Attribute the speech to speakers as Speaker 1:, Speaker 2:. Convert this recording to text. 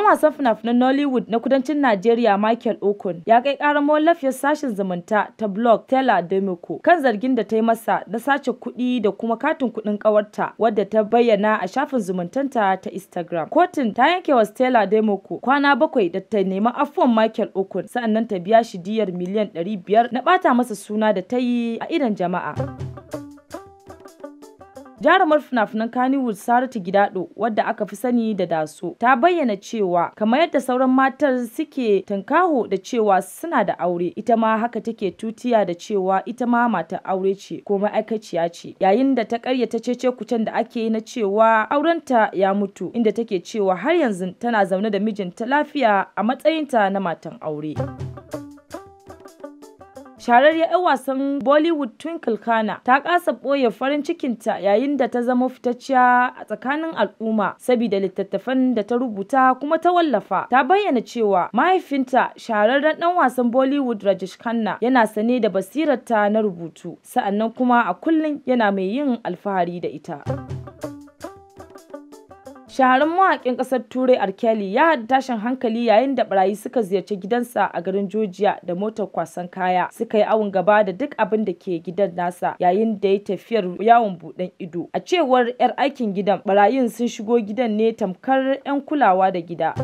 Speaker 1: Dan wasan fina-finan Nollywood na kudancin Najeriya Michael Okun ya kai karar lafiyar sashen zumunta ta blog Tela Demiko kan zargin da ta yi masa na sace kuɗi da kuma katin kuɗin ƙawarta wadda ta bayyana a shafin zumuntanta ta Instagram. Kotun ta yanke wa Stella Demiko kwana bakwai da ta nemi afuwan Michael Okun sa'annan ta biya shi diyar miliyan ɗari biyar na ɓata masa suna da ta yi a idon jama'a. Jarumar fina-finan Kannywood Saratu Gidado wadda aka fi sani da Daso ta bayyana cewa kamar yadda sauran matar suke tankaho da cewa suna da aure ita ma haka take tutiya da cewa ita ma matar aure ce ko ma'aikaciya ce yayin da ta karyata cece kucen da ake yi na cewa aurenta ya mutu inda take cewa har yanzu tana zaune da mijinta lafiya a matsayinta na matan aure. sharar 'yan wasan Bollywood Twinkle Khanna ta kasa ɓoye farin cikinta yayin da ta zama fitacciya a tsakanin al'umma saboda littattafan da ta rubuta kuma ta wallafa. Ta bayyana cewa mahaifinta shahararren ɗan wasan Bollywood Rajesh Khanna yana sane da basirarta na rubutu, sa'annan kuma a kullum yana mai yin alfahari da ita. shaharin mawaƙin ƙasar turai arkeli ya hadu tashin hankali yayin da barayi suka ziyarci gidansa a garin georgia da motar kwasan kaya suka yi awon gaba da duk abin da ke gidan nasa yayin da ya tafiyar yawon buɗen ido a cewar 'yar aikin gidan barayin sun shigo gidan ne tamkar 'yan kulawa da gida.